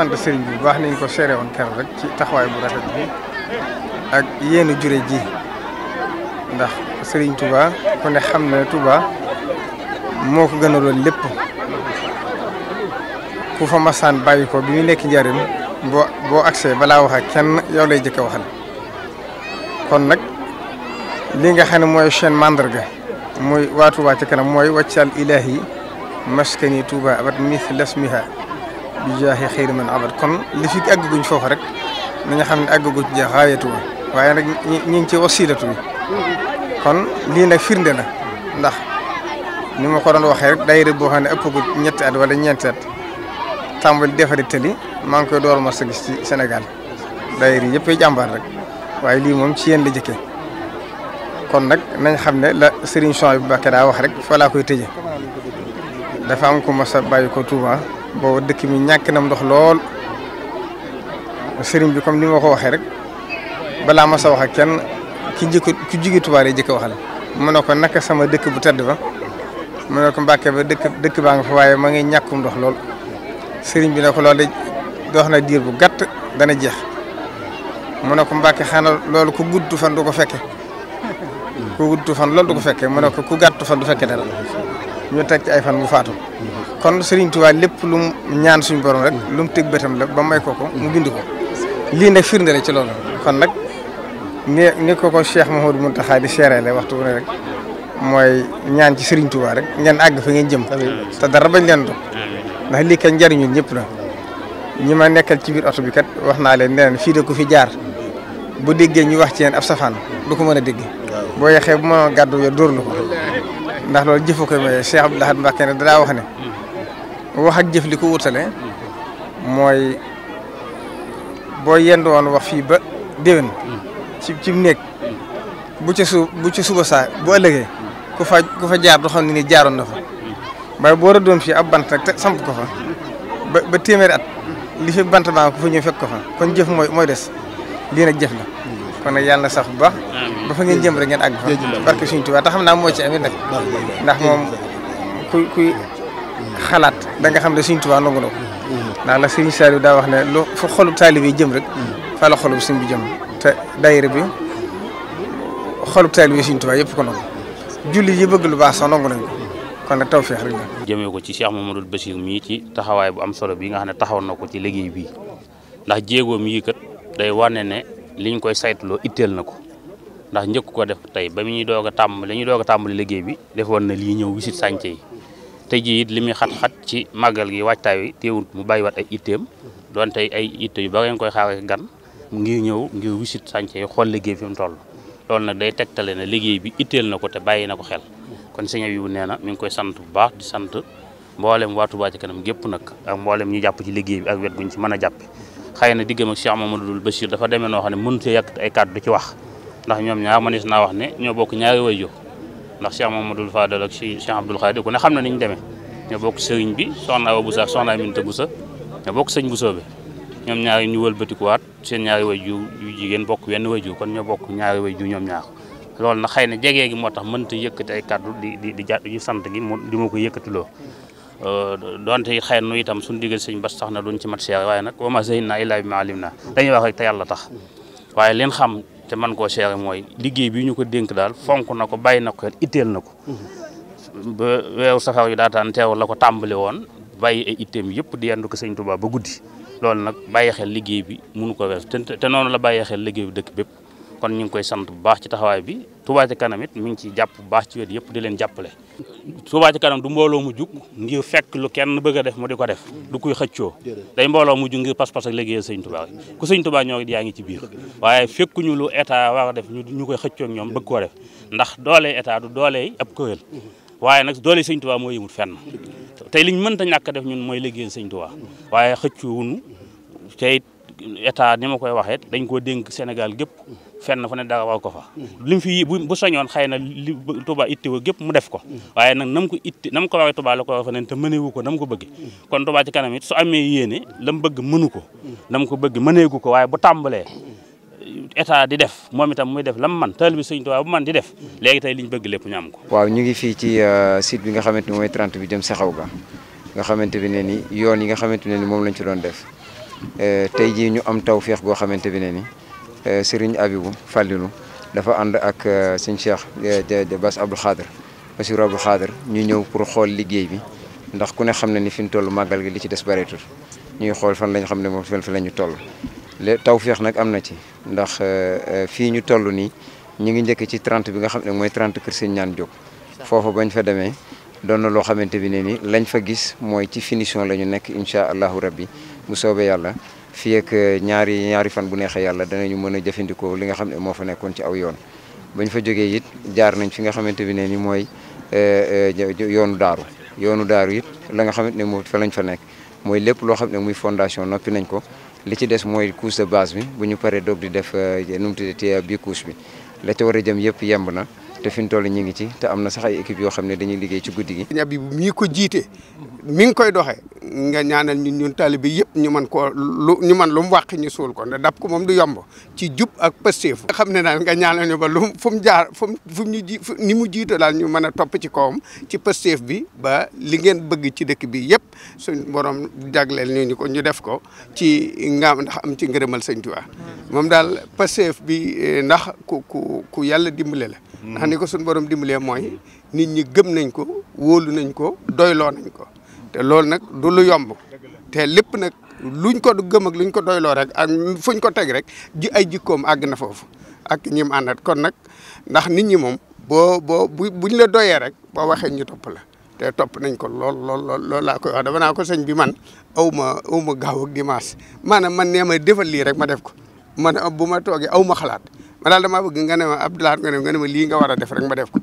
sante serigne bi wax nañ ko séré won kër rek ci taxaway bu rafet bi ak yéenu jure ji ndax serigne Touba ko ne xam ne Touba moo ko gënaloon lépp ku fa masaan bàyyi ko bi ñu nekk njariñ boo boo agsee balaa wax ak kenn yow lay jëkk a waxal kon nag li nga xam ne mooy seen mandarga muy waa Touba ci kanam mooy wàccal ilahi maskani Touba abat mithla ismiha بجاه خير من عبد كن لفيك أجو جن فوق رك من يخمن أجو جن جهاية تو وين ن ننتي وسيلة تو كن لين فين دنا لا نمو كورن وخير داير بوهان أبو جن نت أدوال نت تامل دفتر تلي ما نكو دور مسجد سنغال داير يبي جنبار رك وايلي مم شين لجك كن نك من يخمن لا سرير شو بكرة وخير فلا كويتي دفعكم مسابقة كتوبة boobu dëkk mi ñàkk na ndox lool sëriñ bi comme ni ma ko waxee rek balaa ma sa wax ak kenn ki njëkk ki jóge Tuubaa yi jëkk waxal mu ne ko naka sama dëkk bu tedd ba mu ne ko Mbàkke ba dëkk baa ngi fa waaye ma ngi ñàkkum ndox lool sëriñ bi ne ko loolu dox na diir bu gàtt dana jeex mu ne ko Mbàkke xanaa loolu ku gudd fan du ko fekke ku gudd fan loolu du ko fekke mu ne ko ku gàtt fan du fekke dara ñu teg ci ay fan mu faatu kon Serigne Touba lépp lu mu ñaan suñu borom rek lu mu tëgg bëtam la ba may ko ko mu bind ko lii nag firnde la ci loolu kon nag ni ni ko ko Cheikh Mouhamadou Mountakha di seereele waxtu bu rek mooy ñaan ci Serigne Touba rek ngeen àgg fa ngeen jëm te dara bañ leen do ndax lii kat njariñul ñëpp la ñi ma nekkal ci biir oto bi wax naa leen neneen fii de ku fi jaar bu déggee ñu wax ci yeen ab safaan du ko mën a dégg boo yexee bu ma gàddu yo dóor la ko ndax loolu jëfu ko mais Cheikh Abdoul Ahad Mbacké ne danaa wax ne wax ak jëf li ko wutale mooy boo yend woon wax fii ba déwén ci ci néeg bu ca su bu ca suba saa bu ëllëgee ku fa ku fa jaar du xam ne ni jaaroon na fa waaye boo doon fii ab bant rek samp ko fa ba ba téeméeri at li fi bant baa ko fa ñëw fekk ko fa kon jëf mooy mooy des lii nag jëf la kon nag yàlla na sax bu baax. ba fa ngeen jëm rek ak àgg fa. parce que suñu tubaab te xam naa moo ci amit nag. ndax moom kuy kuy xalaat da nga xam ne suñu tubaab nangu na ko. Mm-hmm. ndax la Serigne Saliou daa wax ne lu fa xolub taalib yi jëm rek. Mm-hmm. fa la bi jëm te daayira bi xolub taalib yi suñu tubaab yëpp ko nangu. julli yi bëgg lu baax sax nangu nañ ko kon nag tawfeex rek la. jëmee ko ci Cheikh Mamadou Bachir mii ci taxawaay bu am solo bi nga xam ne taxaw na ko ci liggéey bii day wane ne liñ koy saytuloo itteel na ko ndax njëkk ko def tey ba mu ñuy doog a tàmbali ñuy doog a tàmbali liggéey bi defoon na lii ñëw wisit sànce yi te ji it li muy xat-xat ci màggal gi waajtaay wi teewut mu bàyyiwaat ay itteem doon tey ay itte yu ba ngeen koy xaawee gan ngir ñëw ngir wisit sànce yi xool liggéey fi mu toll loolu nag day tegtale ne liggéey bi itteel na ko te bàyyi na ko xel kon sëñ bi nee na mi ngi koy sant bu baax di sant mboolem waa Touba Ca Kanam gépp nag ak mboolem ñu jàpp ci liggéey bi ak wet guñ ci mën a jàppe xëy na diggam ak Cheikh Mamadou Bachir dafa demee noo xam ne mënut a yàq ay kàddu ci wax ndax ñoom ñaar manis naa wax ne ñoo bokk ñaari waajur ndax Cheikh Mamadou Fadal ak Cheikh Abdoul Khadir ku ne xam na ni ñu demee ñoo bokk sëriñ bi soxna Awa Boussa soxna Aminta Boussa ñoo bokk sëñ Bousso bi ñoom ñaari ñu wëlbatikuwaat seen ñaari waajur yu jigéen bokk wenn waajur kon ñoo bokk ñaari waajur ñoom ñaar loolu nag xëy na jegee gi moo tax mënut a yëkkati ay kàddu di di di sant gi di ma ko yëkkatiloo Euh, donte it xëy nu itam suñu diggal sëñ bas sax na duñ ci mat seere waaye nag wa ma sëyin naa illaa bi ma naa dañuy wax rek te yàlla tax waaye leen xam te man koo seere mooy liggéey bi ñu ko dénk daal fonk na ko bàyyi na ko xel itteel na ko ba weeru safar yu daataan teew la ko tàmbali woon bàyyi ay yëpp di yendu ko sëñ Tuubaa ba guddi loolu nag bàyyi xel liggéey bi mënu ko weesu te noonu la bàyyi xel liggéey bi dëkk bépp kon ñu ngi koy sant bu baax ci taxawaay bi Touba Ca Kanam it mi ngi ciy jàpp bu baax ci wet yëpp di leen jàppale. Touba Ca Kanam du mbooloo mu jug ngir fekk lu kenn bëgg a def mu di ko def du kuy xëccoo day mbooloo mu jug ngir pas-pas ak liggéeyal sëñ Touba ku sëñ Touba ñoo yaa ngi ci biir waaye fekkuñu lu état war a def ñu koy xëccoo ñoom bëgg ko def ndax doole état du doole ab kuréel waaye nag doole sëñ Touba moo yëmut fenn tey liñ mënta ñàkk def ñun mooy liggéeyal sëñ Touba waaye xëccoo wuñu te état ni ma koy waxee dañ koo dénk Sénégal gépp fenn fu ne dara war ko fa li mu fi bu soñoon xëy na li it ittiwo gépp mu def ko waaye nag nam ko it nam ko waree Touba la ko war fa neen te mënewu ko nam ko bëgg kon Touba ci kanamit it su amee yéene lam bëgg mënu ko nam ko bëgg mëneegu ko waaye bu tàmbalee état di def moom itam muy def lam man taal bi sëñ Touba bu man di def léegi tey liñ bëgg lépp ñu am ko waaw ñu ngi fii ci euh, site bi nga xamante ni mooy 30 bi jëm saxaw ga nga xamante bi nee ni yoon yi nga xamante ne ni moom lañ ci doon def euh, tey jii ñu am taw feex goo xamante bi ne ni Eh, Serigne Abibou Fallilou dafa ànd ak eh, sëñ Cheikh eh, Bass Abdou Khader Bassirou Abdou Khader ñu ñëw pour xool liggéey bi ndax ku ne xam ne ni fi ñu toll màggal gi li ci des bareetul ñuy xool fan lañ xam ne moom fan fi la ñu toll le tawféex nag am na ci ndax fii ñu toll nii ñu ngi njëkk ci 30 bi nga xam ne mooy 30 kër ñaan jóg foofu bañ fa demee doon na loo xamante bi ne nii lañ fa gis mooy ci finition la ñu nekk incha allahu rabbi bu soobee yàlla fii ak eh, ñaari ñaari fan bu neexee yàlla ñu mën a jëfandikoo li nga xam ne moo fa nekkoon ci aw yoon bañ fa jógee it jaar nañ fi nga xamante bi ne ni mooy eh, eh, yoonu daaru yoonu daaru yit la nga xamante ne moo fa lañ fa nekk mooy lépp loo xam ne muy fondation noppi nañ ko li ci des mooy couche de base bi bu ñu paree doog di def nu mu tuddati bi couche bi la ca war a jëm yëpp yemb na te fi ñu toll ñu ngi ci te am na sax ay équipe yoo xam ne dañuy liggéey ci guddi gi. ñabi bu mii ko jiite mi ngi koy doxee. nga ñaanal ñu ñun taalibe bi yëpp ñu mën koo lu ñu mën lu mu wàq ñu suul ko ndax dab ko moom du yomb ci jub ak pësteefu nga xam ne daal nga ñaanal ñu ba lu fu jaar fu mu ñu ji ni mu jiito daal ñu mën a topp ci kawam ci pësteef bi ba li ngeen bëgg ci dëkk bi yëpp suñ borom jagleel ñu ñu ko ñu def ko ci nga ndax am ci ngërëmal sëñ Tuubaa moom daal pësteef bi eh, ndax ku ku ku yàlla dimbale la ndax ko suñ borom dimbalee mooy nit ñi gëm nañ ko wóolu nañ ko doyloo nañ ko te loolu nag du lu yomb te lépp nag luñ ko gëm ak luñ ko doyloo rek ak fuñ ko teg rek ji ay jikkoom àgg na foofu ak ñi mu àndat kon nag ndax nit ñi moom boo boo buñ la doyee rek boo waxee ñu topp la te topp nañ ko lool lool lool loolu laa koy wax dama naa ko sëñ bi man aw ma aw ma gaaw ak dimanche maanaam man nee ma defal lii rek ma def ko man bu ma toogee aw ma xalaat ma daal damaa bëgg nga ne ma Abdoulaye nga nga ne ma lii nga war a def rek ma def ko.